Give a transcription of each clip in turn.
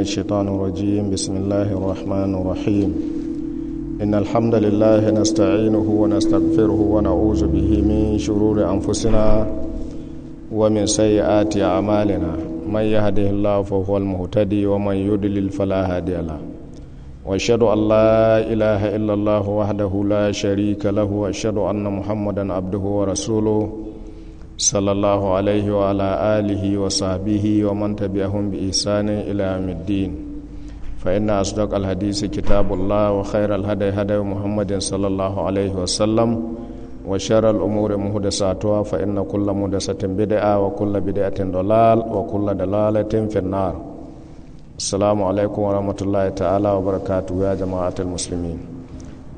الشيطان الرجيم بسم الله الرحمن الرحيم إن الحمد لله نستعينه ونستغفره ونعوذ به من شرور أنفسنا ومن سيئات أعمالنا من يهده الله فهو المهتدي ومن يضلل فلا هادي له واشهد ان لا اله الا الله وحده لا شريك له واشهد ان محمدا عبده ورسوله sallallahu alaihi wa ala alihi wa sahbihi wa man tabi'ahum bi ihsanin ila yawmiddin fa inna asdaq al hadisi kitabullah wa khair al sallallahu alaihi wa sallam wa shar al umuri muhdathatuha fa inna kullu muhdathatin bid'a wa kullu bid'atin dalal wa kullu dalalatin fi nar alaikum wa rahmatullahi ta'ala wa barakatuh ya jama'atul musulmi.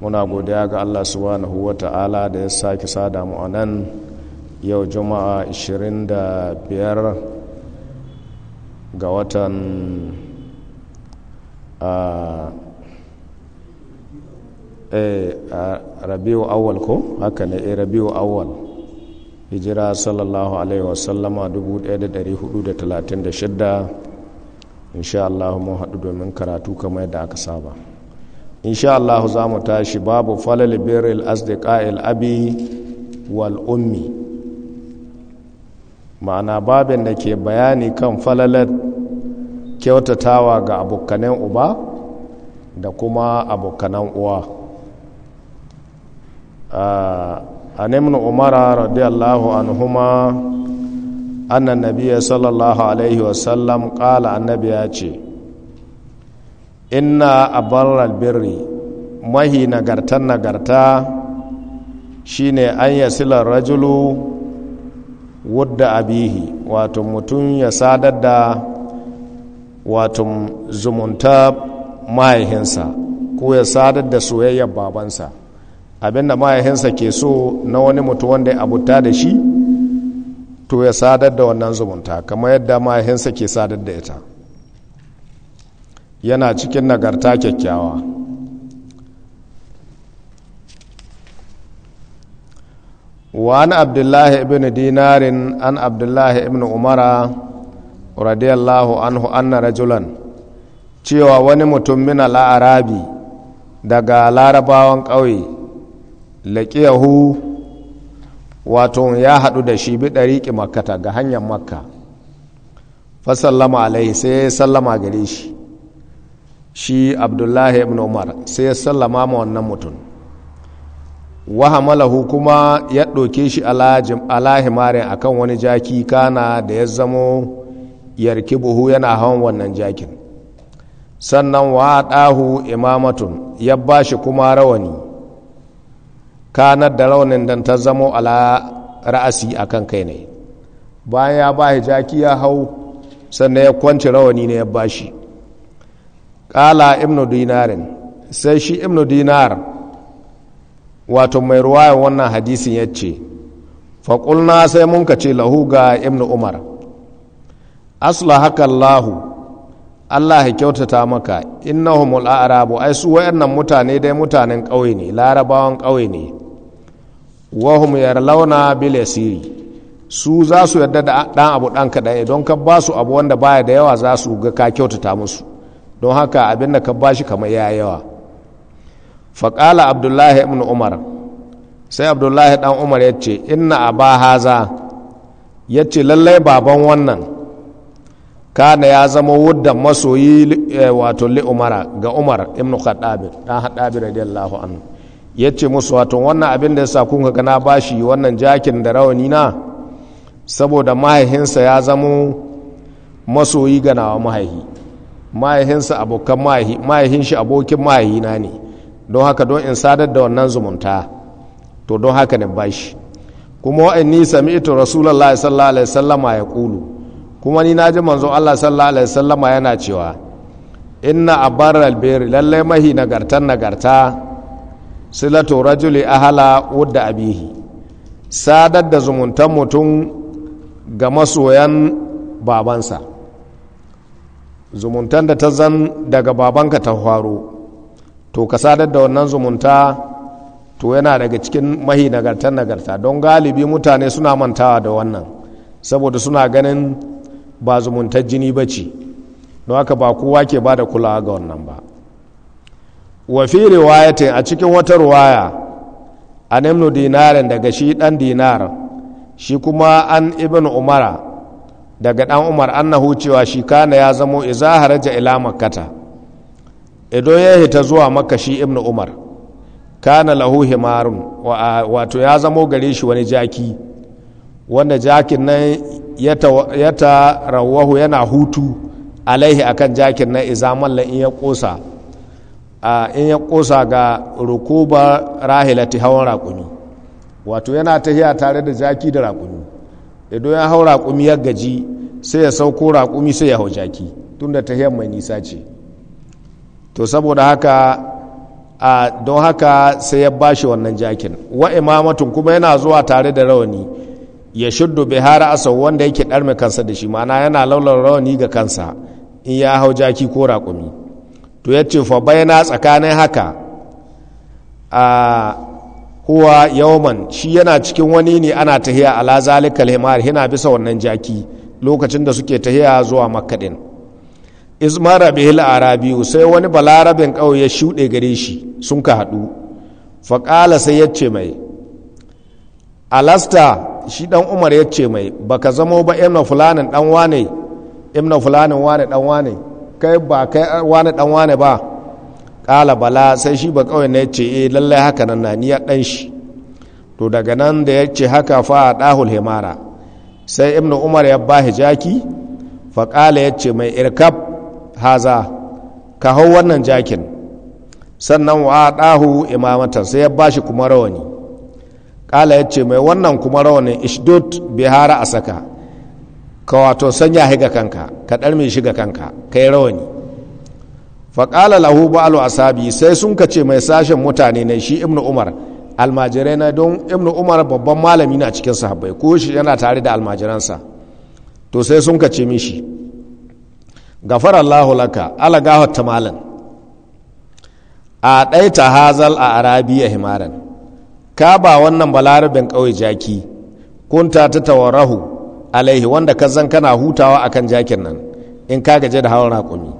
muna godiya ga Allah subhanahu wa ta'ala da ya saki sada mu nan. yau juma'a 25 ga watan eh, rabiu awal ko haka ne eh, rabiu awal hijira sallallahu alaihi wasallama 1436 insha Allah mun haɗu domin karatu kamar yadda aka saba insha Allah za mu tashi babu falal birril al abi wal ummi ma'ana babin da ke bayani kan falalar kyautatawa ga abokanen uba da kuma abokanen uwa a ah, nemin umara radiyallahu anhuma annan nabiya sallallahu alaihi wasallam ƙala annabi ya ce inna a birri mahi nagartan nagarta shine an yasilar rajulu wadda abihi wato mutum ya sadar da wato zumunta mahaihinsa ko ya sadar da soyayyar babansa abinda mahaihinsa ke so na wani mutum wanda ya abuta da shi to ya sadar da wannan zumunta kamar yadda mahaihinsa ke sadar da ita yana cikin nagarta kyakkyawa وعن عبد الله بن دينار عن عبد الله بن عمر رضي الله عنه cewa wani mutum mina la'arabi daga larabawan ƙauye laƙiyahu wato ya haɗu da shi bi ɗariƙi makkata ga hanyar makka fasallama alaihi sai ya sallama gare shi shi abdullahi ibn umar sai ya sallama ma wannan mutum wa hamalahu kuma ya ɗauke shi alahimarin a kan wani jaki kana da ya zamo yarki buhu yana hawan wannan jakin sannan wa ɗahu imamatun ya ba shi kuma rawani kanar da raunin don ta zamo ala ra'asi a kan kai ne bayan ya ba jaki ya hau sannan ya kwanci rawani ne ya ba shi ƙala imnu dinarin sai shi imnu dinar wato mai ruwayan wannan hadisin ya ce faƙulna sai mun ka ce lahu ga ibn umar asla haka lahu, allah ya kyautata maka a a'rabu ai su wayannan mutane dai mutanen ƙauye ne larabawan ƙauye ne wahum launa bil yasiri su za su yarda da ɗan abu ɗan kaɗai, don ka ba su abu wanda baya da yawa za su ga ka kyautata musu don haka abin da ka ba shi kamar ya yawa faƙala abdullahi ibn umar sai abdullahi ɗan umar ya ce ina a ba haza ya ce lallai baban wannan na ya zama wuddan masoyi eh, wato li umara ga umar ibn khattabi ɗan haddabi radiyallahu anhu ya ce musu wato wannan abin da ya sa kun ga na bashi wannan jakin da rawani na saboda mahaihinsa ya zamo masoyi ga nawa mahaihi mahaihinsa abokan mahaihi mahaihin shi abokin mahaihi na ne don haka don in sadar da wannan zumunta to don haka ne shi. kuma wa'anni sami'tu rasulullahi sallallahu alaihi sallama ya kulu kuma ni na ji manzo Allah sallallahu alaihi sallama yana cewa inna a abarral alberi lallai mahi nagartan nagarta silatu rajuli ahala wadda abihi sadar da zumuntan mutum ga masoyan babansa zumuntan da ta zan daga babanka ta faru to ka sadar da wannan zumunta to yana daga cikin mahi nagartar nagarta don galibi mutane suna mantawa da wannan saboda suna ganin ba zumuntar jini ba ce don haka ba kowa ke ba da kulawa ga wannan ba wafi riwayatin a cikin wata ruwaya a nimnu dinarin daga shi dan dinar shi kuma an ibn umara daga dan umar annahu cewa shi kana ya zamo iza haraja ila makkata ido ya hita zuwa maka shi ibn umar kana lahu himarun wato ya zamo gare shi wani jaki wanda jakin nan ya ta rawahu yana hutu alaihi akan jakin nan izamallan in ya kosa in ya kosa ga rukuba rahilati hawan raƙumi wato yana tahiya tare da jaki da raƙumi ido ya hau raƙumi ya gaji sai ya sauko raƙumi sai ya hau jaki tun tunda tahiyar mai nisa ce to saboda haka a don haka sai ya bashi wannan jakin wa imamatun kuma yana zuwa tare da rawani ya shuddu bihara asau wanda yake ɗarmi kansa da shi ma'ana yana laular rawani ga kansa in ya hau jaki ko raƙumi to ya ce fa bayana tsakanin haka a huwa yawman shi yana cikin wani ne ana tahiya ala zalikal himar hina bisa wannan jaki lokacin da suke tahiya zuwa makka izmara bihil arabiyu sai wani balarabin kawai ya shuɗe gare shi sun ka haɗu faƙala sai ya ce mai alasta shi ɗan umar ya ce mai baka zamo ba imna fulanin ɗan wane imna fulanin wane ɗan wane kai ba kai wane ɗan wane ba ƙala bala sai shi ba kawai na ya ce eh lallai haka nan na ni ya ɗan shi to daga nan da ya ce haka fa a ɗahul himara sai imna umar ya ba jaki faƙala ya ce mai irkab haza ka hau wannan jakin sannan wa ɗahu imamata sai ya bashi kuma rawani ƙala ya ce mai wannan kuma rawanin ishdod bihara a saka ka wato sanya higa kanka ka ɗar mai shiga kanka ka yi rawani faƙala lahu ba'alu asabi sai sun ka ce mai sashen mutane na shi ibnu umar almajirai na don ibnu umar babban malami na cikin sahabbai ko shi yana tare da almajiransa to sai sun ka ce mishi gafara Allahu laka ala gahatta malan a ta hazal a arabiya himaran ka ba wannan balarabin ƙauye jaki kunta ta tawarahu alaihi wanda ka zan kana hutawa akan jakin nan in ka gaje da hawan raƙumi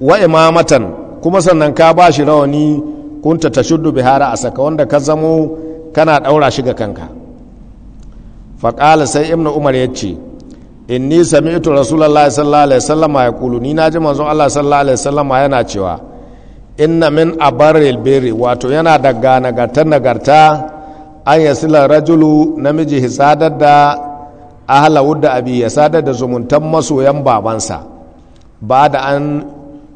wa imamatan kuma sannan ka ba shi rawani kunta ta shuddu bihara a saka wanda ka zamo kana ɗaura shi ga kanka faƙala sai ibnu umar ya ce inni sami'tu rasulullahi sallallahu alaihi wasallam ya kulu ni naji Allah sallallahu alaihi wasallam yana cewa inna min abarril birri wato yana daga nagarta nagarta an yasila rajulu namiji hisadar da ahla wudda abi ya sadar da zumuntan masoyan babansa ba da an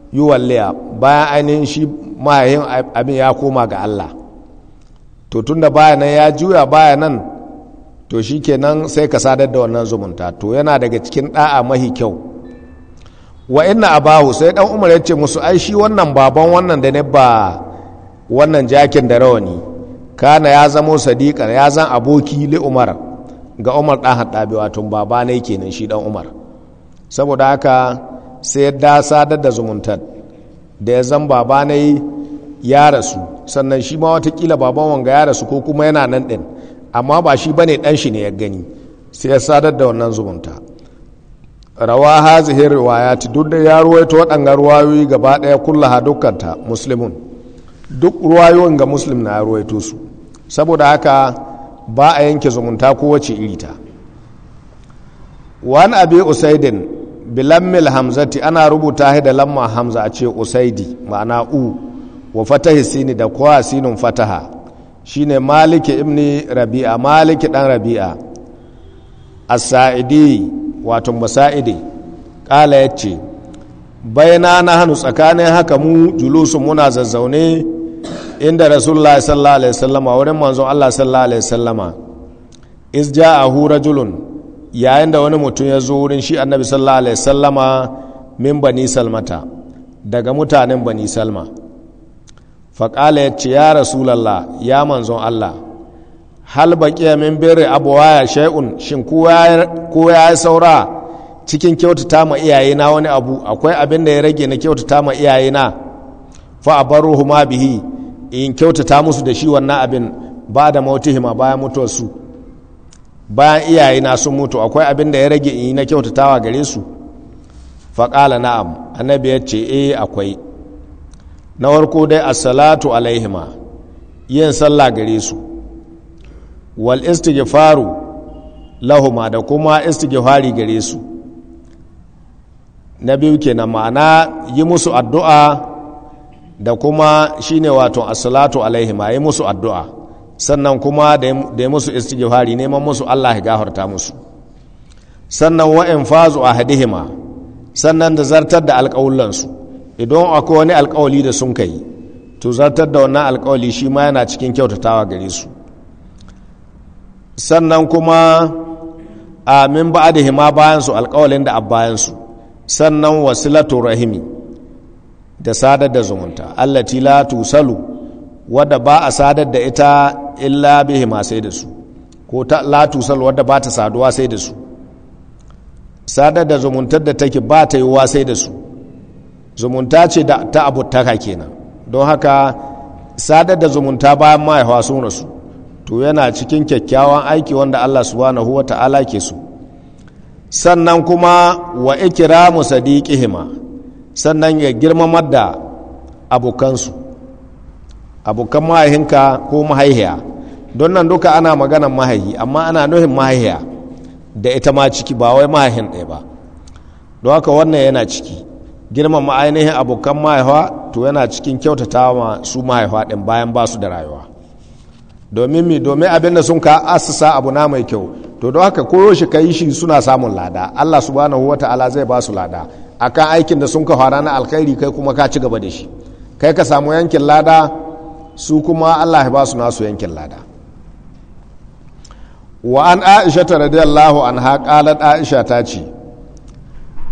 yi walliya bayan ainihin shi mahayin abin ya koma ga Allah to tunda baya nan ya juya bayanan. to shi kenan sai ka sadar da wannan zumunta to yana daga cikin ɗa'a mahi kyau wa inna abahu sai dan umar ya ce musu ai shi wannan baban wannan da ne ba wannan jakin da rawani kana ya zamo sadiqa ya zan aboki li umar ga umar ɗan haddabi wato baba ne kenan shi dan umar saboda haka sai ya da sadar da zumuntar da ya zan baba ne ya rasu sannan shi ma watakila baban wanga ya rasu ko kuma yana nan ɗin? amma ba shi bane dan shi ne ya gani sai ya sadar da wannan zumunta rawa hazihi riwayat duk da ya to waɗanga ruwayoyi gaba ɗaya kullaha ta muslimun duk ruwayoyin ga muslim na to su saboda haka ba a yanke zumunta kowace iri ta wani abi usaidin bilammil hamzati ana rubuta shi da lamma hamza a ce usaidi ma'ana u wa fatahi sini da kowa sinin fataha shine maliki ibni rabi'a maliki dan rabi'a as-sa'idi wato musa'idi kala yace bayana na hannu tsakanin haka mu julusun muna zazzaune inda rasulullah sallallahu alaihi wasallama wurin manzon Allah sallallahu alaihi wasallama is ja'ahu rajulun yayin da wani mutum ya zo wurin shi annabi sallallahu alaihi wasallama min bani salmata daga mutanen bani salma faƙala ya ce ya rasulallah ya manzon Allah hal ya min birri ya shai'un shin ko ya yi saura cikin kyautata ma iyayena wani abu akwai abin da ya rage na kyautata ma iyayena fa a ruhu ma bihi in kyautata musu da shi wannan abin ba da hima bayan mutuwarsu bayan iyayena sun mutu akwai abin da ya rage in yi na kyautatawa gare su faƙala na'am annabi ya ce eh akwai na warko dai assalatu alaihima yin sallah gare su wal istighfaru lahuma da kuma istighfari gare su na biyu ke na ma'ana yi musu addu'a da kuma shine wato assalatu alaihima yi musu addu'a sannan kuma da yi musu istighfari neman musu Allah ya gafarta musu sannan wa'in fazu a hadihima sannan da zartar da alƙawullansu idan akwai wani alkawali da sun kai to zartar da wannan alkawali shi ma yana cikin kyautatawa gare su sannan kuma a min ba da hima bayansu alkawalin da abbayansu sannan wasilatu rahimi da sadar da zumunta allati la tusalu wadda ba a sadar da ita illa bihima sai da su ko ta la tusalu wadda ba ta saduwa sai da su sadar da zumuntar da take ba ta yiwuwa sai da su zumunta ce da ta abutaka kenan don haka sadar da zumunta bayan mahaifa sun rasu to yana cikin kyakkyawan aiki wanda Allah subhanahu wa ta'ala ke su sannan kuma wa ikiramu sadiqihima sannan ya girmamar da abokansu abokan mahaihinka ko mahaihiya don nan duka ana maganan mahaihi amma ana nuhin mahaihiya da ita ma ciki ba wai mahaihin ɗaya ba don haka wannan yana ciki girmama ainihin abokan mahaifa to yana cikin kyautata ma su mahaifa ɗin bayan ba su da rayuwa domin mi domin abin da sun ka asusa abu na mai kyau to don haka koyo shi ka yi shi suna samun lada allah subhanahu wa ta'ala zai ba su lada akan aikin da sun ka fara na alkhairi kai kuma ka ci gaba da shi kai ka samu yankin lada su kuma allah ya ba su nasu yankin lada wa an aisha ta radiyallahu anha qalat aisha ta ce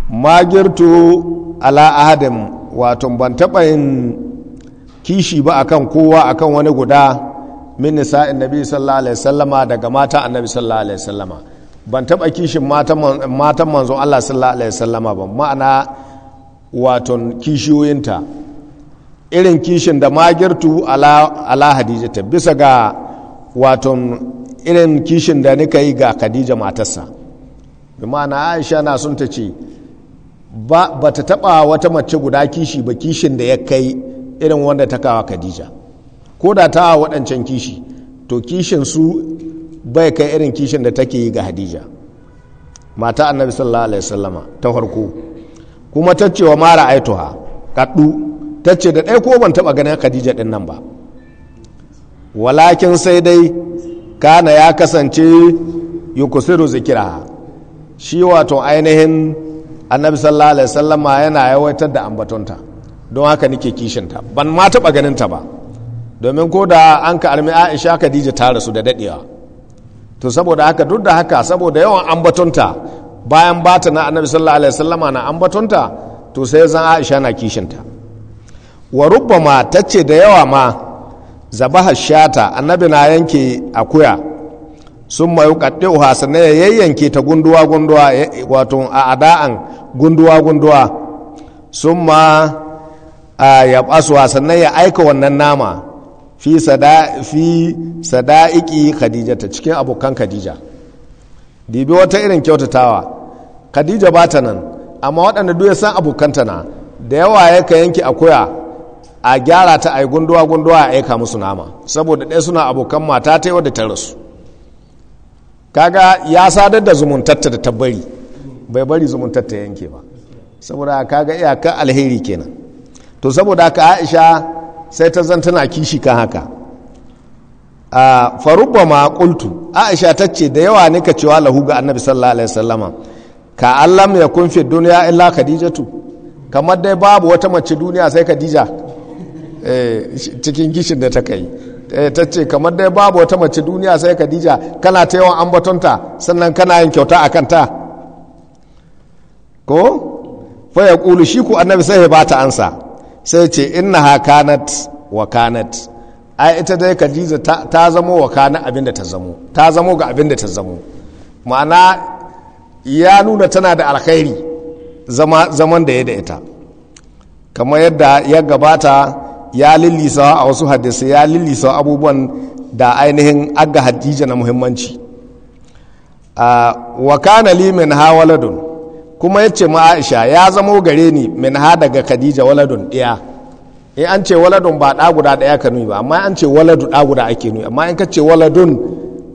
magirtu ala adam wato ban taɓa yin kishi ba akan kowa akan wani guda min nisa'in nabi sallallahu alaihi wasallama daga mata annabi sallallahu alaihi wasallama ban taɓa kishin matan manzo Allah sallallahu alaihi wasallama ba ma'ana wato kishiyoyinta irin kishin da magirtu ala ala hadijata bisa ga wato irin kishin da nika yi ga khadija matarsa bi ma'ana aisha na sun ta ce ba ta taba wata mace guda kishi ba kishin da ya kai irin wanda ta kawa Khadija ko da ta waɗancan kishi to kishin su bai kai irin kishin da take yi ga Khadija mata annabi sallallahu alaihi wasallama ta farko kuma ta ce wa mara aituha kaddu ta ce da ɗai ko ban taba ganin hadija din nan ba walakin sai dai kana ya kasance yukusiru zikira shi wato ainihin annabi sallallahu alaihi wasallam yana yawaitar da ambatonta don haka nake kishinta ban ma ganin ta ba domin ko da an ka armi aisha khadija ta rasu da dadewa to saboda haka duk da haka saboda yawan ambatonta bayan bata na annabi sallallahu alaihi wasallam na ambatonta to sai zan aisha na kishinta wa rubbama tace da yawa ma zabaha shata annabi na yanke akuya sun mayu kaɗe hasana ya yayyanke ta gunduwa gunduwa wato a ada'an gunduwa gunduwa sun ma ya basu sannan ya aika wannan nama fi sada'iki khadija ta cikin abokan khadija dibi wata irin kyautatawa khadija ba ta nan amma waɗanda duk ya san abokanta na da yawa ya ka yanki akuya a gyara ta a yi gunduwa gunduwa a aika musu nama saboda ɗaya suna abokan mata ta yi wadda ta rasu kaga ya sadar da zumuntatta da tabbari bai bari zumuntatta yanke ba saboda kaga iyakar alheri kenan to saboda haka aisha sai ta zan tana kishi kan haka a faruba ma kultu aisha ta ce da yawa nika cewa lahu ga annabi sallallahu alaihi wasallam ka allam ya kun fi duniya illa khadijatu kamar dai babu wata mace duniya sai khadija eh, cikin gishin da ta kai Eh, ta ce kamar dai babu wata mace duniya sai khadija kana ta yawan ambatonta sannan kana yin kyauta a kanta ko fa ya ƙulu shi ku annabi sai ya bata ansa sai ce inna ha kanat wa kanat ai ita dai khadija ta zamo wa kana da ta zamo ta zamo ga abin da ta zamo ma'ana ya nuna tana da alkhairi zaman da ya da ita kamar yadda ya gabata ya lillisa a wasu hadisi ya lillisa abubuwan da ainihin aga hadija na muhimmanci wa kana li min ha waladun kuma yace ma Aisha ya zamo gare ni min ha daga Khadija waladun ɗaya in eh, an ce waladun ba ɗa guda ɗaya ka nuyi ba amma an ce waladu ɗa guda ake nuyi amma in ka ce waladun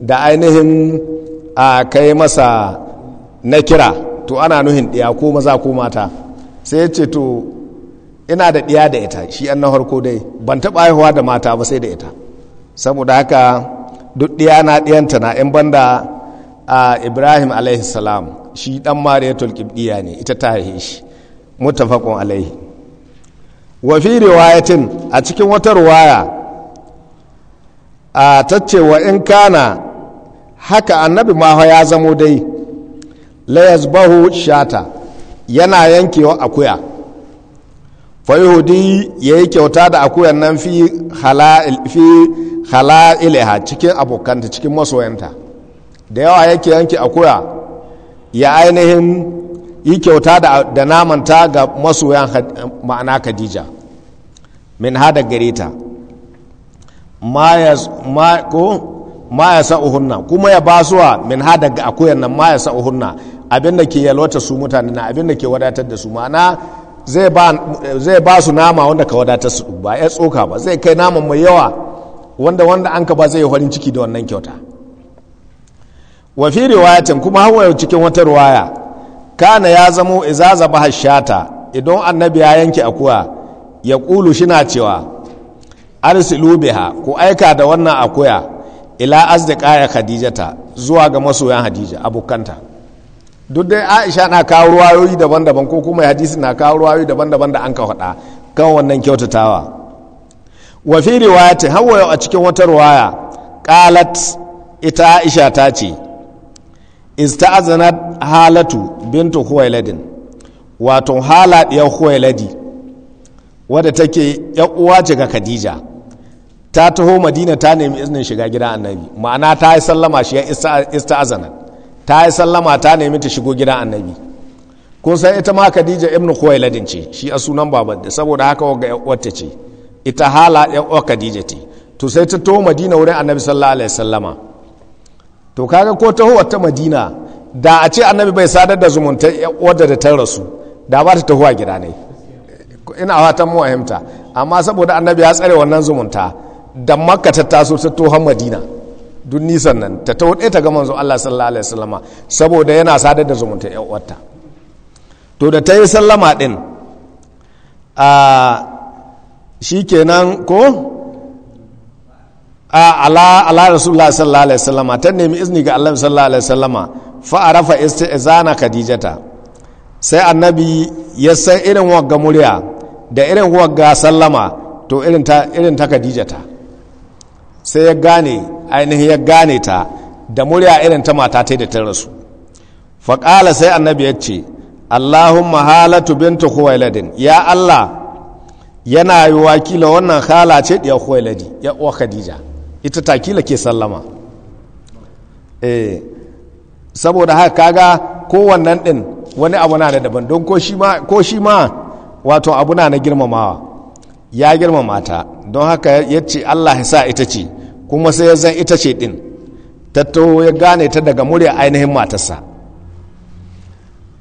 da ainihin a kai masa na kira to ana nuhin ɗaya ko maza ko mata sai yace ce to ina da ɗiya da ita shi an na harko dai ban taɓa haihuwa da mata ba sai da ita saboda haka duk ɗiya na ɗiyanta na yan banda a ibrahim alaihi shi ɗan mariyatul ɗiya ne ita ta haihe shi mutafakun alaihi wa fi riwayatin a cikin wata ruwaya a wa in kana haka annabi maho ya zamo dai bahu shata yana yankewa akuya fayahudi ya yi kyauta da akuyan nan fi hala'iliha cikin abokanta cikin masoyanta da yawa yake yanke akuya ya ainihin yi kyauta da namanta ga masoyan ma'ana khadija min hada gare ta ma ya sa'uhunna kuma ya ba suwa min hada ga akuyan nan ma ya sa'uhunna abinda ke yalwata su mutane na abinda ke wadatar da su ma'ana zai ba su nama wanda ka wadatar su ba ya tsoka ba zai kai naman mai yawa wanda wanda an ka ba zai yi farin ciki da wannan kyauta wa fi riwayatin kuma hawa cikin wata riwaya kana ya zamo izaza ba hashata idan annabi ya yanke akuya ya kulu shina cewa arsilu biha ku aika da wannan akuya ila azdiqa ya khadijata zuwa ga masoyan hadija abokanta duk dai aisha na kawo ruwayoyi daban-daban ko kuma hadisi na kawo ruwayoyi daban-daban da an ka faɗa kan wannan kyautatawa wa fi riwayati hawa a cikin wata ruwaya qalat ita aisha ta ce ista'azanat halatu bintu khuwailadin wato hala ya khuwailadi wadda take ya uwa ce ga khadija ta taho madina ta nemi izinin shiga gidan annabi ma'ana ta yi sallama shi ya ista'azanat ta yi sallama ta nemi ta shigo gidan annabi kun san ita ma khadija ibn khuwailadin ce shi a sunan baban da saboda haka wagga wata ce ita hala yan khadija ce to sai ta to madina wurin annabi sallallahu alaihi wasallama to kaga ko taho ta madina da a ce annabi bai sadar da zumunta wadda da ta rasu da ba ta a gida ne ina fatan mu fahimta amma saboda annabi ya tsare wannan zumunta da makka ta taso ta tohon madina duk nisan nan ta ta ta ga manzo Allah sallallahu alaihi wasallama saboda yana sadar da zumunta ƴan uwarta to da ta yi sallama din a shi kenan ko a ala ala rasulullah sallallahu alaihi wasallama ta nemi izini ga Allah sallallahu alaihi wasallama fa arafa istizana khadijata sai annabi ya san irin wagga murya da irin wagga sallama to irin ta irin ta khadijata sai ya gane ainihin ya gane ta da murya irin ta mata ta da ta rasu faƙala sai annabi ya ce allahumma halatu bintu huwailadin ya allah yana yi wakila wannan hala ce ɗiyar huwailadi ya uwa khadija ita ta kila ke sallama eh saboda haka kaga kowannan ɗin wani abu na da daban don ko shi ma wato abu na na girmamawa ya girmama ta don haka ya ce allah ya sa ita ce kuma sai ya zan ita ce ɗin tattaho ya gane ta daga murya ainihin matarsa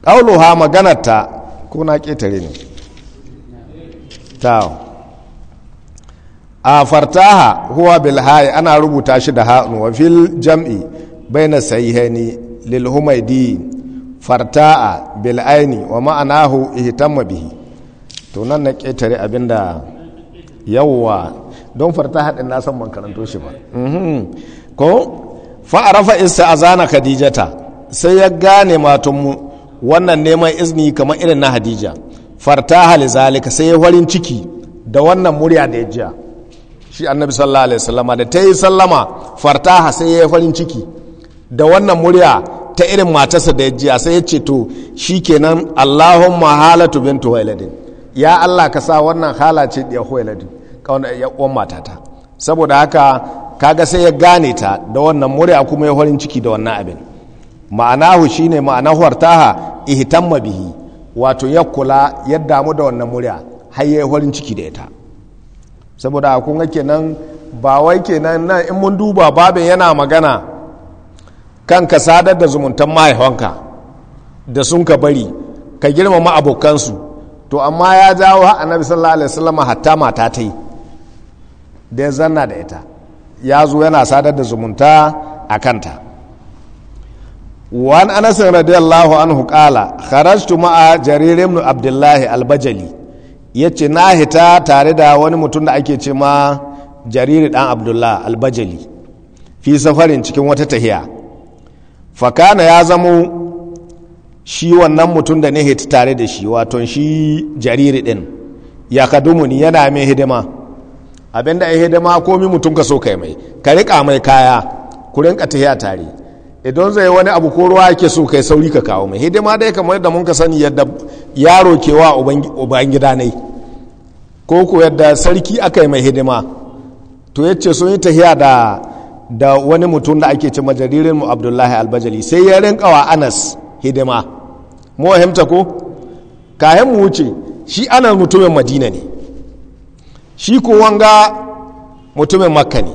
ƙauluha maganarta ko na ƙetare ne ta a fartaha huwa bilhayi ana rubuta shi da ha'un wa fil jam'i bai na sayi lil humaidi farta'a bil aini wa ma'anahu ihtamma bihi to nan na ƙetare abinda yawwa don farta haɗin na san ban karanto shi ba mhm. ko fa'arafa isa zana khadijata sai ya gane matunmu wannan neman izini kamar irin na hadija farta hali zalika sai ya warin ciki da wannan murya da ya jiya shi annabi sallallahu alaihi wasallama da ta yi sallama fartaha sai ya yi farin ciki da wannan murya ta irin matarsa da ya jiya sai ya ce to shi kenan allahumma halatu bin tuwailadin ya allah ka sa wannan halace ce ɗiya huwailadin uwan matata saboda haka kaga sai ya gane ta da wannan murya kuma ya horin ciki da wannan abin ma'anahu shine ma'anahu hartaha ihtamma bihi wato ya kula ya damu da wannan murya har ya horin ciki da ita saboda kun ga kenan ba wai kenan nan in mun duba babin yana magana kan ka sadar da zumuntan mahaifanka da sun ka bari ka girmama abokansu to amma ya jawo annabi sallallahu alaihi wasallam hatta mata ta yi da ya zanna da ita ya zo yana sadar da zumunta a kanta wani anasin radiyallahu anhu kala kharajtu ma'a jarir ibn abdullahi albajali ya ce na hita tare da wani mutum da ake ce ma jariri dan Abdullahi albajali fi safarin cikin wata tahiya fakana ya zamo shi wannan mutum da ne hita tare da shi waton shi jariri din ya kadumuni yana mai hidima abinda yi hidima komi mutum ka so kai mai ka riƙa mai kaya ku rinka tahiya tare idan zai wani abu ko ruwa yake so kai sauri ka kawo mai hidima dai kamar da mun ka sani yadda yaro wa uban gida ne ko ko yadda sarki aka yi mai hidima to ya ce sun yi tahiya da da wani mutum da ake ci majaririn mu Abdullahi Albajali sai ya rinka wa Anas hidima mu ko kayan mu wuce shi ana mutumin Madina ne shi ko wanga mutumin makka ne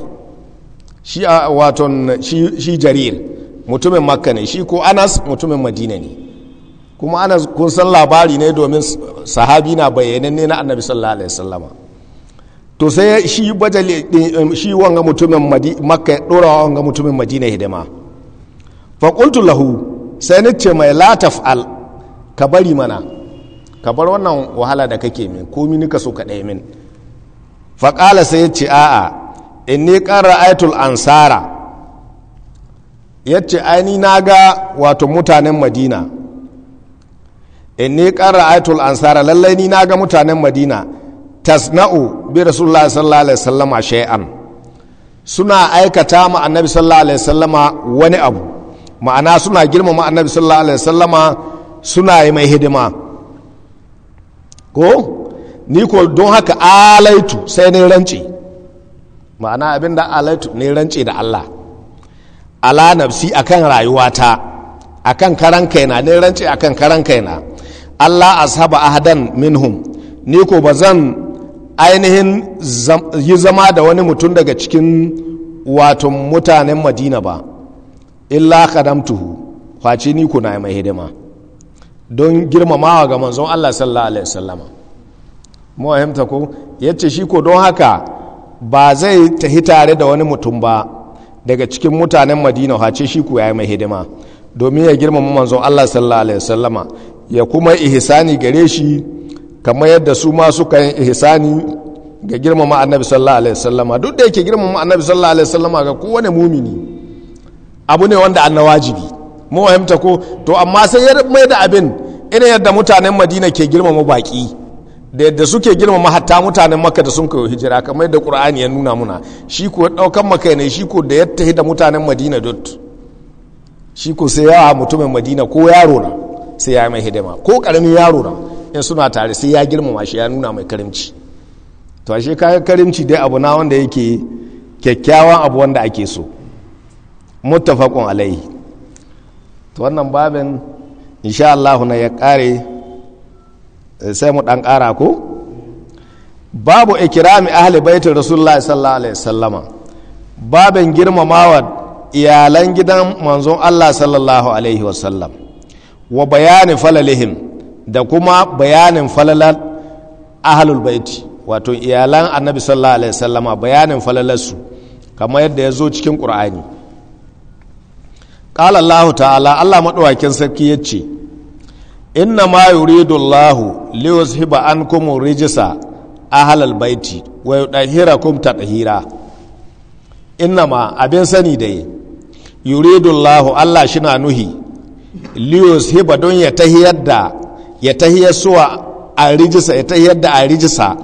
shi a waton shi jarir mutumin makka ne shi ko anas mutumin madina ne kuma anas kun san labari ne domin sahabi na bayyananne na annabi sallallahu alaihi wasallama to sai shi bajali eh, shi wanga mutumin makka dora wanga mutumin madina hidima fa qultu lahu sai ni ce mai la taf'al ka bari mana ka bar wannan wahala da kake min komi nika so ka ɗaya min faƙala sai ya ce a'a in ni ƙara aitul ansara ya ce aini na ga wato mutanen madina in ni ƙara aitul ansara lallai ni na ga mutanen madina tasna'u bi rasulullah sallallahu alaihi wasallama shay'an suna aikata ma annabi sallallahu alaihi wasallama wani abu ma'ana suna girmama annabi sallallahu alaihi wasallama suna yi mai hidima ko ni ko don haka alaitu sai ne rance ma'ana abin da alaitu ne rance da Allah ala nafsi akan rayuwata akan karan kaina ne rance akan karan kaina Allah ashaba ahadan minhum ni ko bazan ainihin yi zama da wani mutum daga cikin wato mutanen madina ba illa kadamtuhu kwaci ni kuna mai hidima don girmamawa ga manzon Allah sallallahu alaihi wasallama muwahimta ko ya ce shi ko don haka ba zai tahi tare da wani mutum ba daga cikin mutanen madina ce shi ko ya yi mai hidima domin ya girmama manzon allah sallallahu alaihi wasallama ya kuma ihsani gare shi kamar yadda su ma suka yi ihsani ga girmama annabi sallallahu alaihi wasallama duk da yake girmama annabi sallallahu alaihi wasallama ga kowane mumini abu ne wanda annabi wajibi mu ko to amma sai ya mai da abin irin yadda mutanen madina ke girmama baki da yadda suke girmama hatta mutanen maka da sun kawo hijira kamar da qur'ani ya nuna muna shi ko daukan maka ne shi ko da ya tahi mutanen madina dot shi ko sai yawa mutumin madina ko yaro na sai ya mai hidima ko karamin yaro na in suna tare sai ya girmama shi ya nuna mai karimci to ashe kayan karimci dai abu na wanda yake kyakkyawan abu wanda ake so muttafaqun alaihi to wannan babin insha Allah na ya kare Eh, sai mu ɗan ƙara ko babu ikirami ahli baitin rasulullah sallallahu alaihi wasallama baban girmamawa iyalan gidan manzon Allah sallallahu alaihi wasallam wa bayani falalihim da kuma bayanin falalar ahalul baiti wato iyalan annabi sallallahu alaihi sallama bayanin falalarsu kamar yadda ya zo cikin ƙura'ani ƙalallahu ta'ala Allah madawakin sarki ce. inna ma yuridu Allahu li yuzhiba ankum rijsa ahlal baiti wa yudahhirakum tadhira inna ma abin sani dai yuridu Allahu Allah shina nuhi li yuzhiba don ya tahiyar da ya tahiyar suwa a rijisa ya tahiyar da a rijisa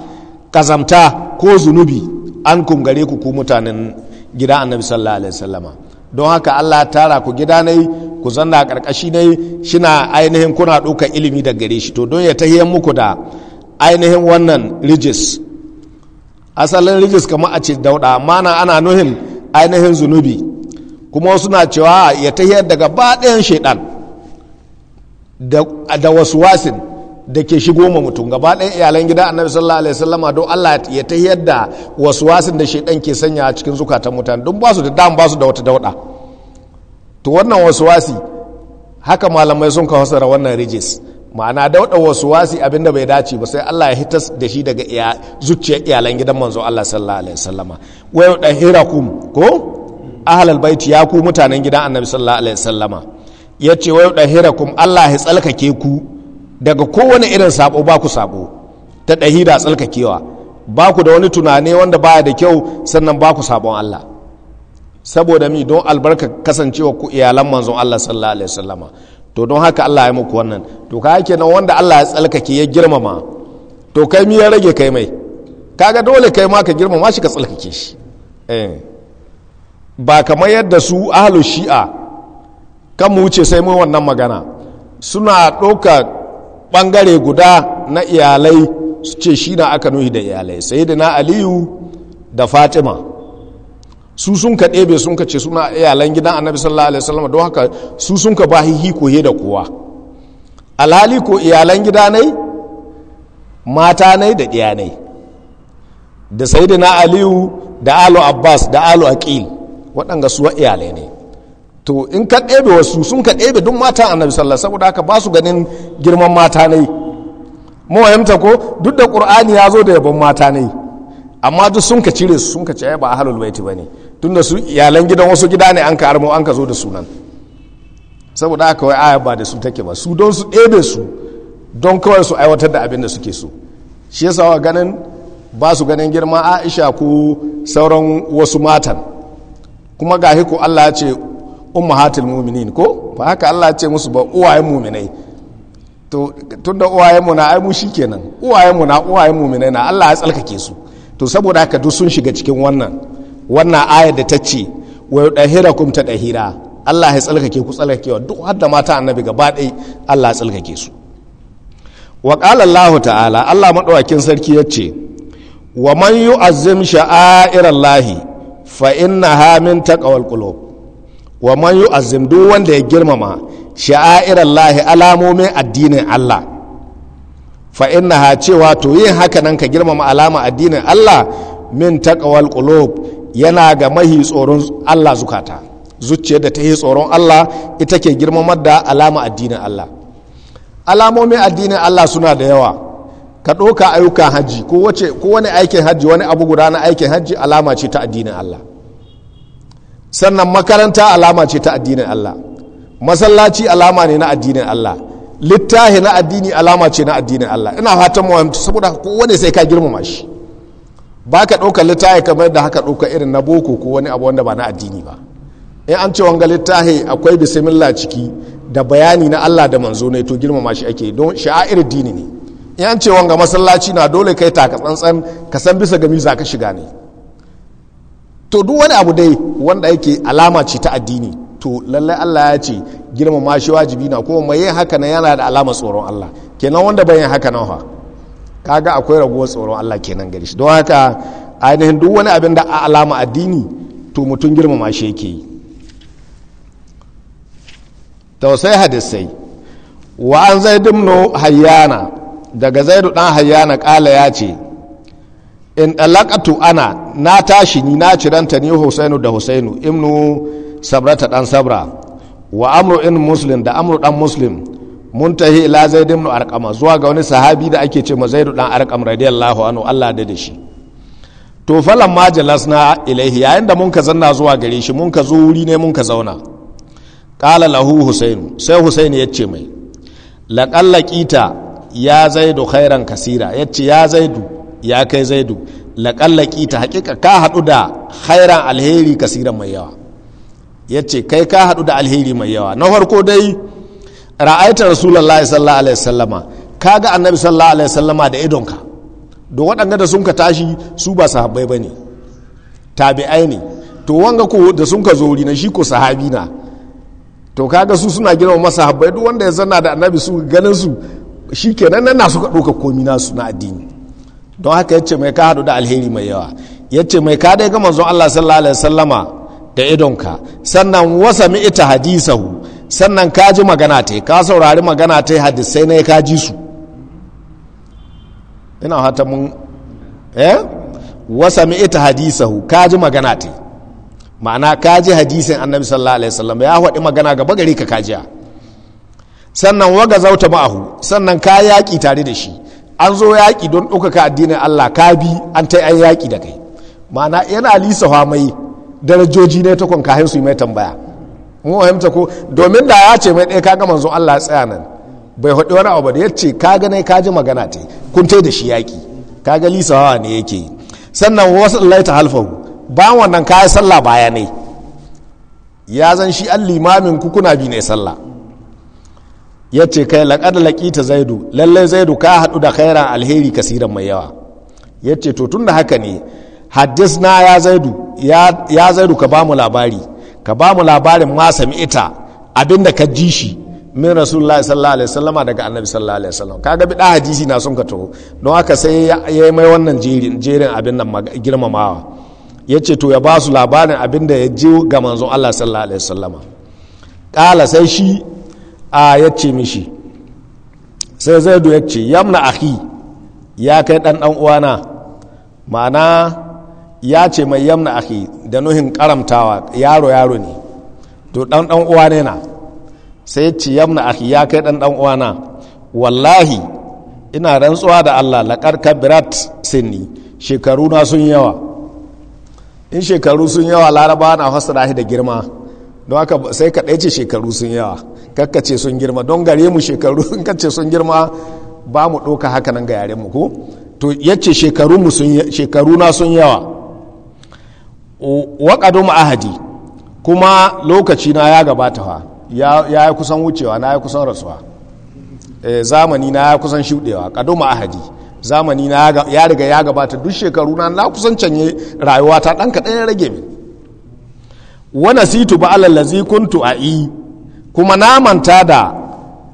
kazamta ko zunubi an gare ku ku mutanen gida annabi sallallahu alaihi wasallama don haka Allah ya tara ku gida yi ku zanna a na yi shina ainihin kuna ɗaukar ilimi da gare shi to don ya tahiyar muku da ainihin wannan rijis asalin rijis kamar a ce dauda mana ana nuhin ainihin zunubi kuma wasu na cewa ya tahiyar daga baɗayan shaidan da wasu wasin da ke shigo ma mutum gaba ɗaya iyalan gida annabi sallallahu alaihi wasallama don Allah ya tahiyar da wasin da shaidan ke sanya a cikin zukatan mutane don ba su da dam ba su da wata dauda to wannan wasi haka malamai sun ka fasara wannan rijis ma'ana dauda wasi abinda bai dace ba sai Allah ya hitas da shi daga zuciyar iyalan gidan manzo Allah sallallahu alaihi wasallama wa dahirakum ko ahlal baiti ya ku mutanen gidan annabi sallallahu alaihi wasallama yace wa dahirakum Allah ya tsalkake ku daga kowane irin sabo ba ku sabo ta da tsalkakewa ba ku da wani tunane wanda baya da kyau sannan ba ku sabon Allah saboda mi don albarka kasancewa ku iyalan manzon Allah sallallahu alaihi wasallama to don haka Allah ya muku wannan to ka yake nan wanda Allah ya tsalkake ya girmama to kai mi ya rage kai mai kaga dole kai ma ka girmama shi ka tsalkake shi eh ba kamar yadda su ahlu shi'a kan mu wuce sai mun wannan magana suna ɗaukar. Bangare guda na iyalai su ce shi na aka nuhi da iyalai sai da na aliyu da fatima su sun ka ɗebe sun ka ce suna iyalan gidan annabi sallallahu alaihi wasallam don haka su sun ka bahihi koye da kowa alhali ko iyalan gida nai mata nai da ɗiya nai da sai da na aliyu da alu abbas da alu aqil waɗanga suwa iyalai ne to in ka ɗebe wasu sun ka ɗebe duk mata annabi sallallahu saboda haka ba su ganin girman mata ne mawayamta ko duk da qur'ani ya zo da yabon mata ne amma duk sun ka cire su sun ka ce ba ahlul baiti bane tunda su iyalan gidan wasu gida ne an ka armo an ka zo da sunan saboda haka wai aya ba da su take ba su don su ɗebe su don kawai su aiwatar da abin da suke so shi yasa wa ganin ba su ganin girma Aisha ko sauran wasu matan kuma ga ko Allah ya ce ummahatul mu'minin ko ba haka Allah ce musu ba uwayen mu'minai to tunda uwayen mu na ai mu shikenan uwayen mu na uwayen mu'minai na Allah ya tsalkake su to saboda haka duk sun shiga cikin wannan wannan ayar da ta ce wa ta tadahira Allah ya tsalkake ku tsalkakewa duk har da mata annabi gaba dai Allah ya tsalkake su wa qala Allah ta'ala Allah madawakin sarki ya ce wa man yu'azzim sha'airallahi fa innaha min taqwal qulub wa man azim duk wanda ya girmama lahi alamomin addinin Allah fa ha cewa to yin haka nan ka girmama alama addinin Allah min takawar qulub yana ga mahi tsoron Allah zukata zuciyar da ta yi tsoron Allah ita ke girmamar da alama addinin Allah alamomin addinin Allah suna da yawa ka ɗauka ayyukan hajji ko wani aikin hajji wani abu guda na aikin hajji alama ce ta addinin Allah sannan makaranta alama ce ta addinin Allah masallaci alama ne na addinin Allah littahi na addini alama ce na addinin Allah ina fatan mu saboda kowane sai ka girmama shi ba ka ɗauka littahi kamar da haka ɗauka irin na boko ko wani abu wanda ba na addini ba in an ce wanga littahi akwai bismillah ciki da bayani na Allah da manzo ne to girmama shi ake don sha'air dini ne in an ce wanga masallaci na dole kai taka tsantsan ka san bisa ga miza ka shiga ne to duk wani abu dai wanda yake alama ce ta addini to lallai Allah ya ce girmama shi wajibi na kuma mai yin haka nan yana da alama tsoron Allah kenan wanda bai haka nan ha kaga akwai raguwar tsoron Allah kenan gari shi don haka ainihin duk wani abin da a alama addini to mutum girmama shi yake yi tausai hadisai wa an zaidu ibn hayyana daga zaidu dan hayyana kala ya ce in dalakatu ana na tashi ni na ciranta ni husainu da husainu ibnu sabrata dan sabra wa amru in muslim da amru dan muslim muntahi ila zaid ibn arqam zuwa ga wani sahabi da ake ce ma zaid dan arqam radiyallahu anhu Allah da da shi to falan ma jalasna ilaihi yayin da mun ka zanna zuwa gare shi mun ka zo wuri ne mun ka zauna qala lahu husainu sai Husaini ya ce mai laqallaqita ya zaidu khairan kasira yace ya zaidu ya kai zaidu laƙallaƙi ta haƙiƙa ka haɗu da hairan alheri kasiran mai yawa ya ce kai ka haɗu da alheri mai yawa na farko dai ra'aitar rasulallah sallallahu alaihi sallama ka ga annabi sallallahu alaihi sallama da idonka don waɗanda da sun ka tashi su ba sahabbai ba ne tabi'ai ne to wanga ko da sun ka zori na shi ko sahabi na to kaga su suna gina masa habbai duk wanda ya zana da annabi su ganin su shikenan nan na suka ɗauka komi su na addini don haka yace mai ka hadu da alheri mai yawa yace mai ka dai ga manzon Allah sallallahu alaihi wasallama da idonka sannan wasa mi ita hadisahu sannan ka ji magana ta ka saurari magana ta hadisai ne ka ji su ina hata mun eh wasa mi ita hadisahu ka ji magana ta ma'ana ka ji hadisin annabi sallallahu alaihi wasallam ya faɗi magana gaba gari ka kajiya sannan waga zauta ma'ahu sannan ka yaki tare da shi an zo yaƙi don ɗaukaka addinin Allah ka bi an ta an yaƙi da kai ma'ana yana lisawa mai darajoji ne ta kwankahin su mai tambaya mu fahimta ko domin da ya ce mai ɗaya kaga manzon Allah tsaya nan bai haɗu wani abu da ya ce ka gane ka ji magana ta kun tai da shi yaƙi kaga hawa ne yake sannan wasu Allah ta ba wannan kayan sallah baya ne ya zan shi an limamin ku kuna bi ne sallah ya ce kai laƙar laƙi ta zaidu lallai zaidu ka haɗu da khairan alheri kasiran mai yawa ya ce to tun da haka ne haddis na ya zaidu ya zaidu ka bamu labari ka bamu labarin ma sami ita abinda ka ji shi min rasulullah sallallahu alaihi wasallama daga annabi sallallahu alaihi wasallam kaga bi da hadisi na sun ka taho don haka sai ya mai wannan jerin jerin abin nan girmamawa yace to ya ba su labarin abin da ya je ga manzon Allah sallallahu alaihi wasallama kala sai shi a ya ce mishi sai zai ya ce yamna ahi ya kai dan dan uwana ma'ana ya ce mai yamna ahi da nuhin karamtawa yaro yaro ne to dan dan uwa na sai ce yamna ahi ya kai dan dan uwana wallahi ina rantsuwa da Allah laƙar kabirat sinni shekaru na sun yawa in shekaru sun yawa laraba na fasara da girma don haka sai ka ɗaice shekaru sun yawa kakkace sun girma don gare mu shekaru in kace sun girma ba mu ɗauka haka nan ga yaren mu ko to yace shekaru mu sun shekaru na sun yawa waƙado ahadi kuma lokaci na ya gabata fa ya yi kusan wucewa na ya kusan rasuwa eh, zamani na ya kusan shuɗewa ƙado ahadi zamani na ya riga ya gabata duk shekaru na na kusan canye rayuwa ta dan kaɗan ya rage min wani situ ba alallazi kuntu a'i kuma na manta da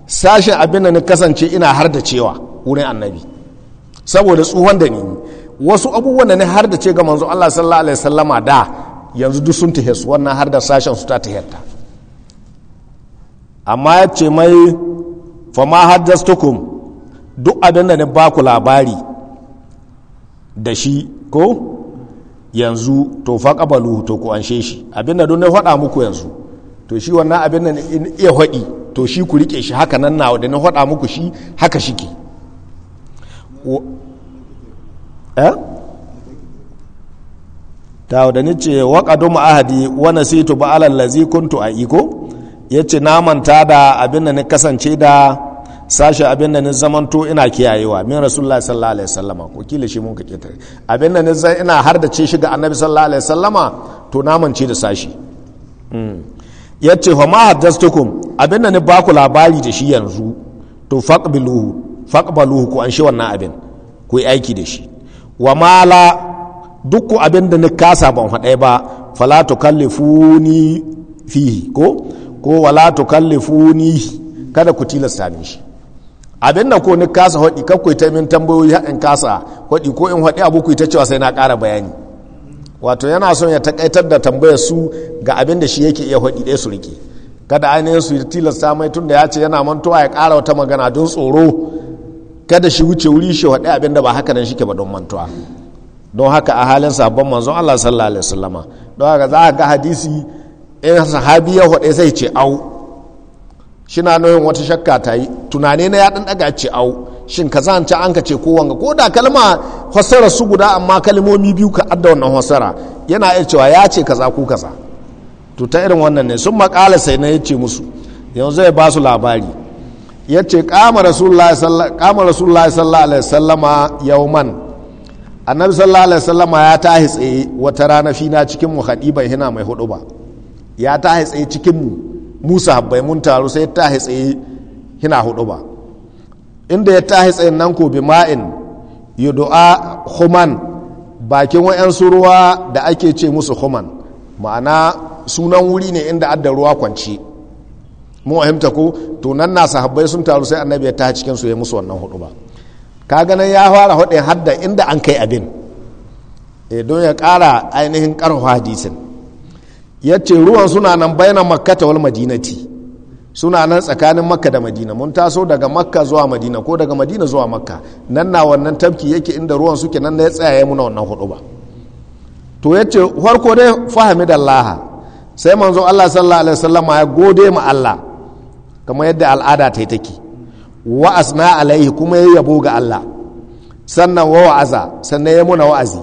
sashen abin da na kasance ina har da cewa wurin annabi saboda tsohon da ni wasu abubuwan da ni har da ce ga manzo Allah sallallahu alaihi wasallama da yanzu duk sun tahe su wannan har da sashen su ta tahe amma ya ce mai fama haddastukum duk abin da na ba ku labari da shi ko yanzu to fa kabalu to ku anshe shi abin da don ne faɗa muku yanzu to shi wannan abin nan in iya hadi to shi ku rike shi haka nan nawa da ne faɗa muku shi haka shike eh ta da ni ce waƙadu ma'ahadi wani situ ba'alan lazi kuntu a iko yace na manta da abin da ni kasance da sashi abin da ni zamanto ina kiyayewa min rasulullahi sallallahu alaihi wasallama ko kila shi mun ka ketare abin da ni ina har da ce shi ga annabi sallallahu alaihi wasallama to na mance da sashi hmm. yace fa ma haddastukum abin da ni ba ku labari da shi yanzu to faqbiluhu faqbaluhu ku an shi wannan abin ku yi aiki da shi wa mala duk abin da ni kasa ban faɗai ba fala tukallifuni fihi ko ko wala tukallifuni kada ku tilasta min shi abin da ko ni kasa haɗi kakwai ta min tambayoyi haɗin kasa haɗi ko in haɗi abu ku ta cewa sai na ƙara bayani wato yana son ya takaitar da tambayar su ga abin da shi yake iya haɗi ɗaya su rike kada ainihin su tilasta mai tun da ya ce yana mantuwa ya ƙara wata magana don tsoro kada shi wuce wuri shi haɗi abin da ba haka nan shike ba don mantuwa don haka a halin sabon manzon Allah sallallahu alaihi wasallama don haka za a ga hadisi in sahabi ya haɗe sai ce au shina nauyin noyin wata shakka ta yi tunane na ya dan daga ce au shin ka zanta an ka ce ko wanga ko da kalma fassara su guda amma kalmomi biyu ka adda wannan fassara yana iya cewa ya ce kaza ko kaza to ta irin wannan ne sun makala sai na yace musu yanzu zai ba su labari ya ce kama rasulullahi sallallahu alaihi sallama yauman annabi sallallahu alaihi sallama ya tahi tsaye wata rana fina cikin mu hadi bai hina mai hudu ba ya tahi tsaye cikin mu musa habbai mun taru sai ta tsaye hina hudu ba inda ya tahi tsaye nan ko bi ma'in du'a human bakin wayansu ruwa da ake ce musu human ma'ana sunan wuri ne inda adda ruwa kwanci mu ko to nan na sahabbai sun taru sai annabi ya tahi cikin su ya musu wannan hudu ba ya fara hudin hadda inda an kai abin eh, don ya kara ainihin karfa hadisin ya ce ruwan suna nan bayanan makkata wal madinati suna nan tsakanin makka da madina mun taso daga makka zuwa madina ko daga madina zuwa makka nan na wannan tafki yake inda ruwan suke nan na ya tsaya ya muna wannan hudu ba to ya ce farko dai fahimi da laha sai manzo Allah sallallahu alaihi wasallama ya gode ma Allah kamar yadda al'ada ta yi take wa asna alaihi kuma ya yabo ga Allah sannan wa wa'aza sannan ya muna wa'azi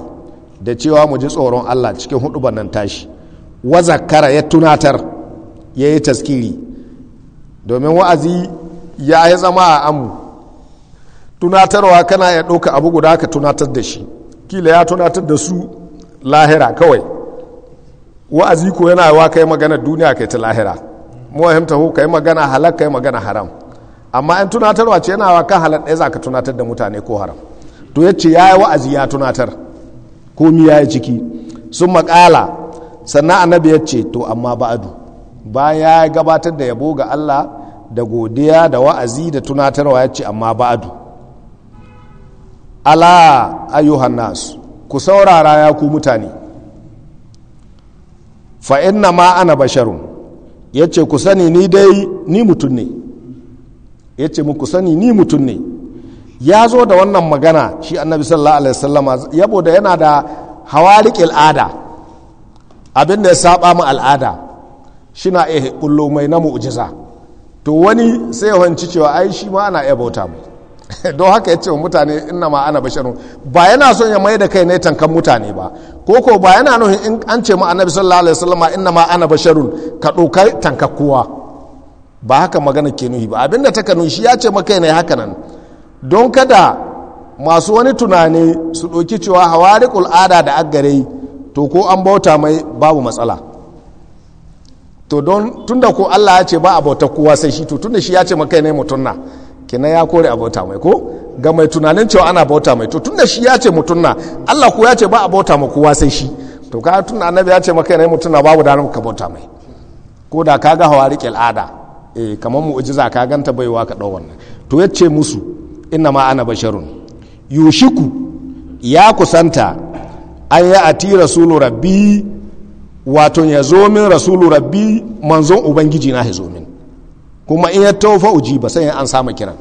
da cewa mu ji tsoron Allah cikin hudu nan tashi wazakara ya tunatar ya yi taskiri domin wa'azi ya yi zama a amu tunatarwa kana ya ɗauka abu guda ka tunatar da shi kila ya tunatar da su lahira kawai wa'azi ko yana wa kai magana duniya kai ta lahira muwahimta ko kai magana halal kai magana haram amma in tunatarwa ce yana wa kan halal ɗaya za ka tunatar da mutane ko haram to ya ce ya yi wa'azi ya tunatar komi ya yi ciki sun maƙala sannan annabi ya ce to amma ba'adu baya ya gabatar da yabo ga Allah da godiya da wa'azi da tunatarwa ya ce amma ba'adu ala ayyuhan nas ku saurara ya ku mutane fa inna ma ana basharun ya ce ku sani ni dai ni mutum ne ya ce muku sani ni mutum ne ya zo da wannan magana shi annabi sallallahu alaihi wasallama yabo da yana da hawarikil al'ada abin da ya saba mu al'ada shi na iya kullo mai na mu'ujiza to wani sai ya hanci cewa ai shi ma ana iya bauta mu don haka ya ce wa mutane ina ma ana basharun ba yana son ya mai da kai ne tankan mutane ba ko ko ba yana nuhin in an ce ma annabi sallallahu alaihi wasallam ina ma ana basharun ka doka tanka kowa ba haka magana ke nuhi ba abinda ta kanu shi ya ce maka ne haka nan don kada masu wani tunani su ɗauki cewa hawari kul'ada da aggare to ko an bauta mai babu matsala to don tunda ko Allah ya ce ba a bauta kowa sai shi to tunda shi ya ce makai ne mutunna kina ya kore a bauta mai ko ga mai tunanin cewa ana bauta mai to tunda shi ya ce mutunna Allah ko ya ce ba a bauta ma kowa sai shi to ka tunda annabi ya ce makai ne mutunna babu da ka bauta mai ko da ka ga hawari al'ada eh kamar mu'jiza ka ganta baiwa ka dau wannan to ya ce musu inna ma ana basharun yushiku ya kusanta an a ti rasulu rabbi wato ya zo min rasulu rabbi manzon ubangiji na ya zo min kuma in ya taufa uji ba sai an samu kiran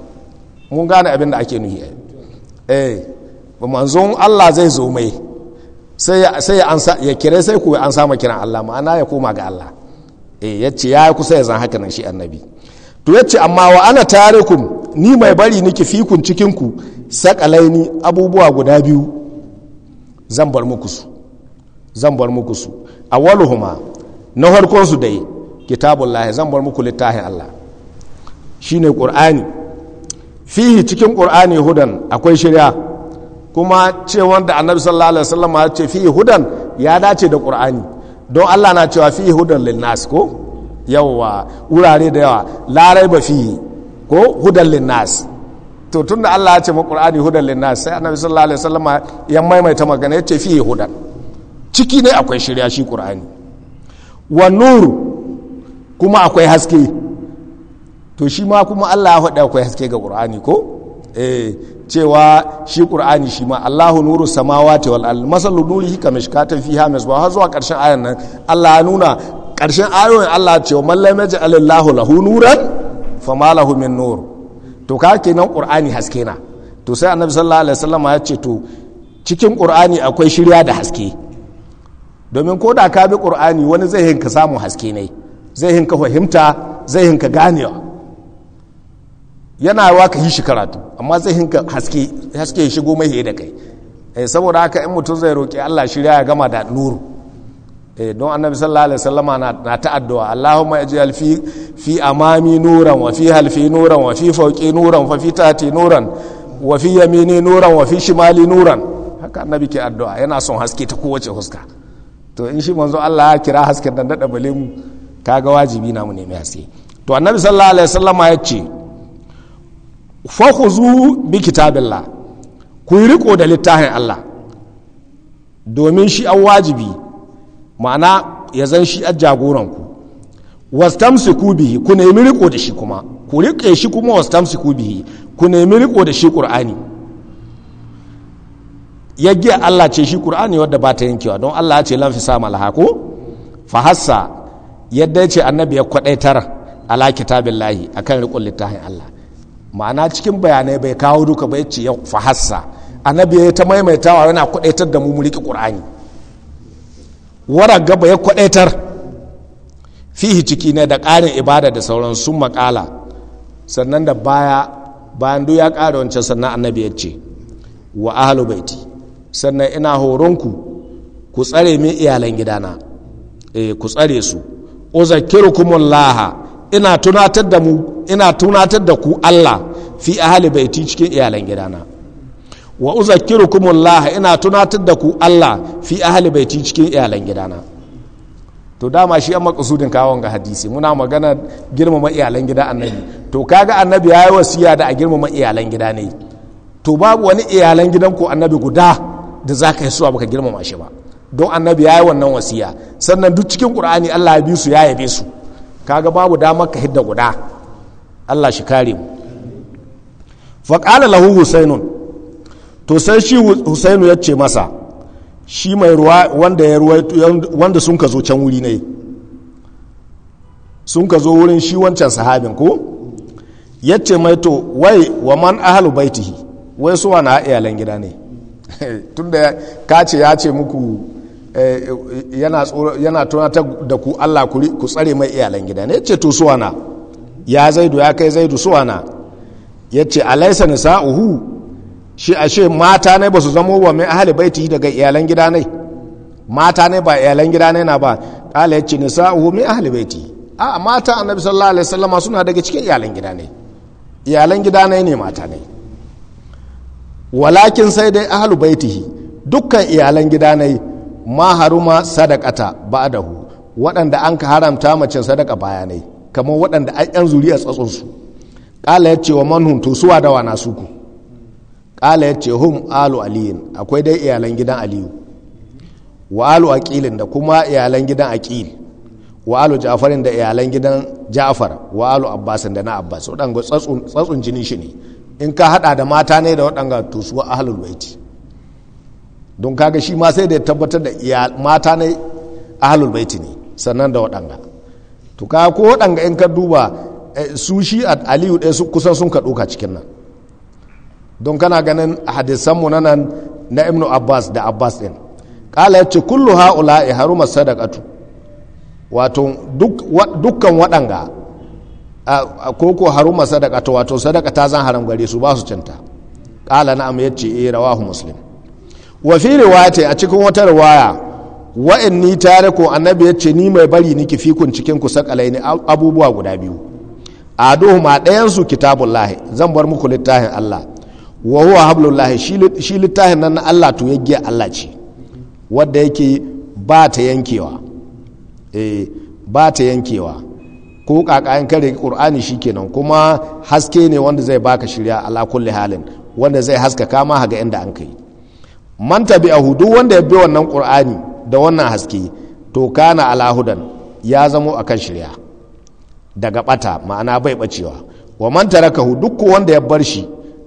mun gane abin da ake nuhi eh ba manzon Allah zai zo mai sai sai an ya kire sai ku an samu kiran Allah ma'ana ya koma ga Allah eh yace ya kusa ya zan haka nan shi annabi to yace amma wa ana tarikum ni mai bari niki fikun cikin ku sakalaini abubuwa guda biyu zan bar muku su zan bar na harkonsu su dai kitabullahi zan bar muku littafin Allah shine qur'ani fihi cikin qur'ani hudan akwai shirya kuma ce wanda annabi sallallahu alaihi wasallam ya ce fihi hudan ya dace da qur'ani don Allah na cewa fihi hudan linnas ko yawwa wurare da yawa larai ba fihi ko hudan linnas. to tun da Allah ya ce maƙur'ani hudan lina sai annabi sallallahu alaihi wasallama ya maimaita magana ya ce fiye hudan ciki ne akwai shirya shi ƙur'ani wa nuru kuma akwai haske to shi ma kuma Allah ya faɗi akwai haske ga ƙur'ani ko eh cewa shi ƙur'ani shi ma Allahu nuru samawati wal ard masalu nurihi kamishkatan fiha misbah har zuwa ƙarshen ayan nan Allah ya nuna ƙarshen ayoyin Allah cewa man lam yaj'al Allahu lahu nuran fama lahu min nuru. to ka kenan ƙur'ani haske na to sai annabi sallallahu alaihi wasallama ya ce to cikin qur'ani akwai shirya da haske domin ko da ka bi ƙur'ani wani zai hinka samu haske ne zai hinka fahimta zai hinka ganewa yana wa ka yi shi karatu amma zai hinka haske haske shigo mai da kai eh, saboda haka in mutum zai roki Allah shirya ya gama da nuru Eh, don annabi sallallahu alaihi wasallama na ta addu'a Allahumma ij'al fi fi amami nuran wa fi halfi nuran wa fi fawqi nuran wa fi tati nuran wa fi yamini nuran wa fi shimali nuran haka annabi ke addu'a yana son haske ta kowace huska to in shi manzo Allah ya kira haske dan dada bale mu kaga wajibi na mu nemi haske to annabi sallallahu alaihi wasallama ya ce fa khuzu bi kitabillah ku riko da littafin Allah domin shi an wajibi ma'ana ya zan shi a jagoranku wastamsiku bihi ku nemi riko da shi kuma ku riƙe shi kuma wastamsiku bihi ku nemi riko da shi ya giya Allah ce shi ƙur'ani wadda ba ta yankewa don Allah ya ce lamfi fi sa malaha ko fahassa yadda ya ce annabi ya kwadaitar ala a kan riƙon littafin Allah ma'ana cikin bayanai bai kawo duka bai ce ya fahassa annabi ya ta maimaitawa yana kwadaitar da mu mu riƙe wara gaba ya kwadaitar fihi ciki ne da ƙarin ibada da sauran sun makala sannan da baya bayan duk ya ƙara wancan sannan annabi ya ce wa ahalu baiti sannan ina horonku ku tsare min iyalan gidana eh, ku tsare su uzakirukumullaha ina tunatar da ina tunatar da ku Allah fi ahli baiti cikin iyalan gidana wa uzakkirukumullah ina tunatar da ku Allah fi ahli baiti cikin iyalan gidana to dama shi an makasudin kawon ga hadisi muna magana girmama iyalan gida annabi to kaga annabi ya yi wasiya da a girmama iyalan gida ne to babu wani iyalan gidan ku annabi guda da za ka yi suwa baka girmama shi ba don annabi ya yi wannan wasiya sannan duk cikin qur'ani allah ya bi su ya yabe su kaga babu damar ka hidda guda allah shi kare mu faƙala lahu husainun to sai shi husainu ya ce masa shi mai ruwa wanda ya wanda sun ka zo can wuri ne sun ka zo wurin shi wancan sahabin ko ya ce mai to wai wa man ahalu baitihi wai suwa na iyalan gida ne tunda ka ce ya ce muku eh, yana tunatar da ku Allah ku tsare mai iyalan gida ne ce to na ya zaidu ya kai zaidu na ya ce alaisa uhu. shi ashe mata ne ba su zamo wa min ahli baiti daga iyalan gida ne mata ne ba iyalan gida ne na ba qala yace nisa'u min ahli baiti a mata annabi sallallahu alaihi wasallam suna daga cikin iyalan gida ne iyalan gida ne ne mata ne walakin sai dai ahli baitihi dukkan iyalan gida ne ma haruma a dahu waɗanda an ka haramta mace sadaka bayanai kamar waɗanda ai yan zuriya tsatsunsu. ƙala ya ce wa manhun to suwa dawa na suku ƙala ya ce hun, alu aliyin akwai dai iyalan gidan aliyu wa alu aƙilin da kuma iyalan gidan aƙil wa alu ja'farin da iyalan gidan ja'far wa alu abbasin da na abbas waɗanga tsatsun jini shi ne in ka haɗa da mata ne da waɗanga to su ahlul baiti don kaga shi ma sai da tabbatar da mata ne ahlul baiti ne sannan da waɗanga to ka ko waɗanga in ka duba eh, su shi aliyu ɗaya kusan sun ka ɗoka cikin nan don kana ganin hadisan na nan na ibnu abbas da abbas din kala ya ce kullu ha'ula'i haruma masadaqatu wato dukkan waɗanga ko ko haruma sadaqatu wato sadaka ta zan haram gare su ba su cinta kala na'am yace eh rawahu muslim wa fi riwayati a cikin wata riwaya wa inni tariku annabi yace ni mai bari niki fikun cikin ku sakalaini abubuwa guda biyu aduhuma ɗayan su kitabullahi zan bar muku littafin Allah wa huwa lahi shi littafin nan na Allah to giya Allah ce wadda yake ba ta yankewa eh ba ta yankewa ko kakayen kare qur'ani shikenan kuma haske ne wanda zai baka shirya ala kulli halin wanda zai haskaka ma haga inda an kai man tabi'ahu duk wanda ya bi wannan qur'ani da wannan haske to kana ala hudan ya zamo akan shirya daga bata ma'ana bai bacewa wa man tarakahu duk wanda ya bar shi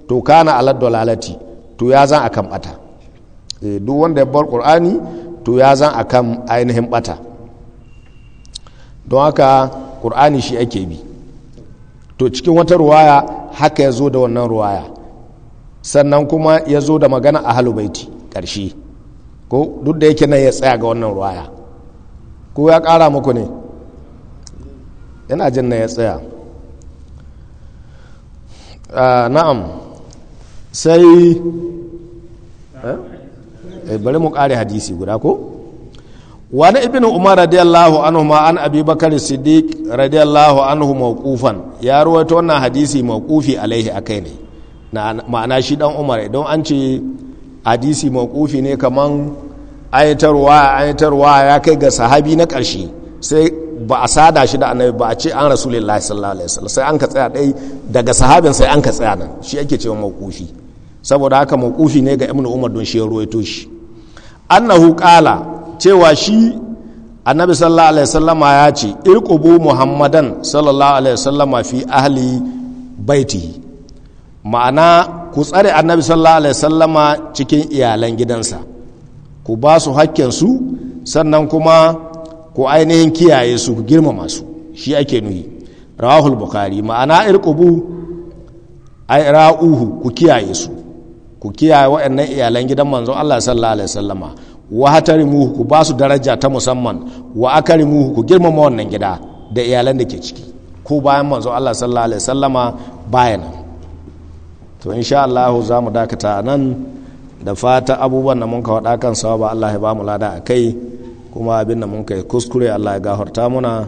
to kana alad dalalati to ya zan akan bata eh, duk wanda ya bar qur'ani to ya zan akan ainihin bata don haka qur'ani shi ake bi to cikin wata ruwaya haka ya zo da wannan ruwaya sannan kuma ya zo da magana a halubaiti ƙarshe ko duk da yake nan ya tsaya ga wannan ruwaya ko ya ƙara muku ne yana jin na ya tsaya ah, na'am sai eh? Eh, bari mu kare hadisi guda ko wani ibn umar radiyallahu anhu ma an abi bakar siddiq radiyallahu anhu mawqufan ya rawaito wannan hadisi mawqufi alaihi akai ne ma'ana shi dan umar don an ce hadisi mawqufi ne kaman ayatarwa ayatarwa ya kai ga sahabi na ƙarshe sai ba a sada shi da annabi ba a ce an rasulullahi sallallahu alaihi wasallam sai an ka tsaya dai daga sahabin sai an ka tsaya nan shi ake cewa mawqufi saboda haka mawqufi ne ga ibn umar don shi ya ruwaito shi annahu qala cewa shi annabi sallallahu alaihi wasallama ya ce irqubu muhammadan sallallahu alaihi wasallama fi ahli baitihi ma'ana ku tsare annabi sallallahu alaihi wasallama cikin iyalan gidansa ku ba su su sannan kuma ku ainihin kiyaye su ku girmama su shi ake nuhi rawahul bukhari ma'ana irqubu ai ra'uhu ku kiyaye su ku kiyaye waɗannan iyalan gidan manzon Allah sallallahu alaihi wasallama wa hatarimuhu ku su daraja ta musamman wa mu ku girmama wannan gida da iyalan da ke ciki ko bayan manzon Allah sallallahu alaihi wasallama bayan to insha Allah za mu dakata nan da fata abubuwan da mun ka wada kan sawaba Allah ya ba mu lada akai kuma abin da mun kai kuskure Allah ya gafarta muna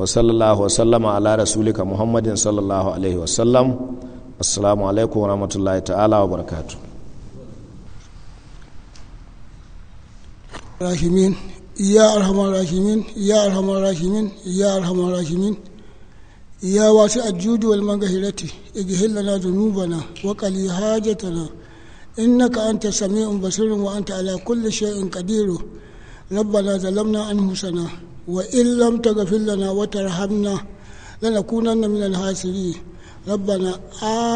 wa sallallahu wa sallama ala rasulika Muhammadin sallallahu alaihi wasallam assalamu alaikum warahmatullahi ta'ala wa barakatu rahimin ya arhamar rahimin ya arhamar rahimin ya arhamar rahimin ya wasu ajudi wal magahirati igihil lana dhunubana wa qali hajatana innaka anta sami'un basirun wa anta ala kulli shay'in wa ربنا ظلمنا أنفسنا lana wata rahamna لنا وترحمنا na minan hasiri. ربنا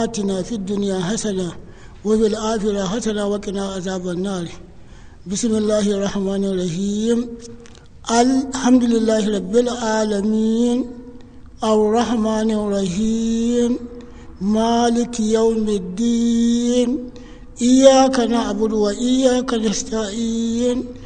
آتنا في الدنيا حسنة وفي الآخرة حسنة وقنا عذاب النار بسم الله الرحمن الرحيم الحمد لله رب العالمين الرحمن الرحيم مالك يوم الدين إياك نعبد وإياك نستعين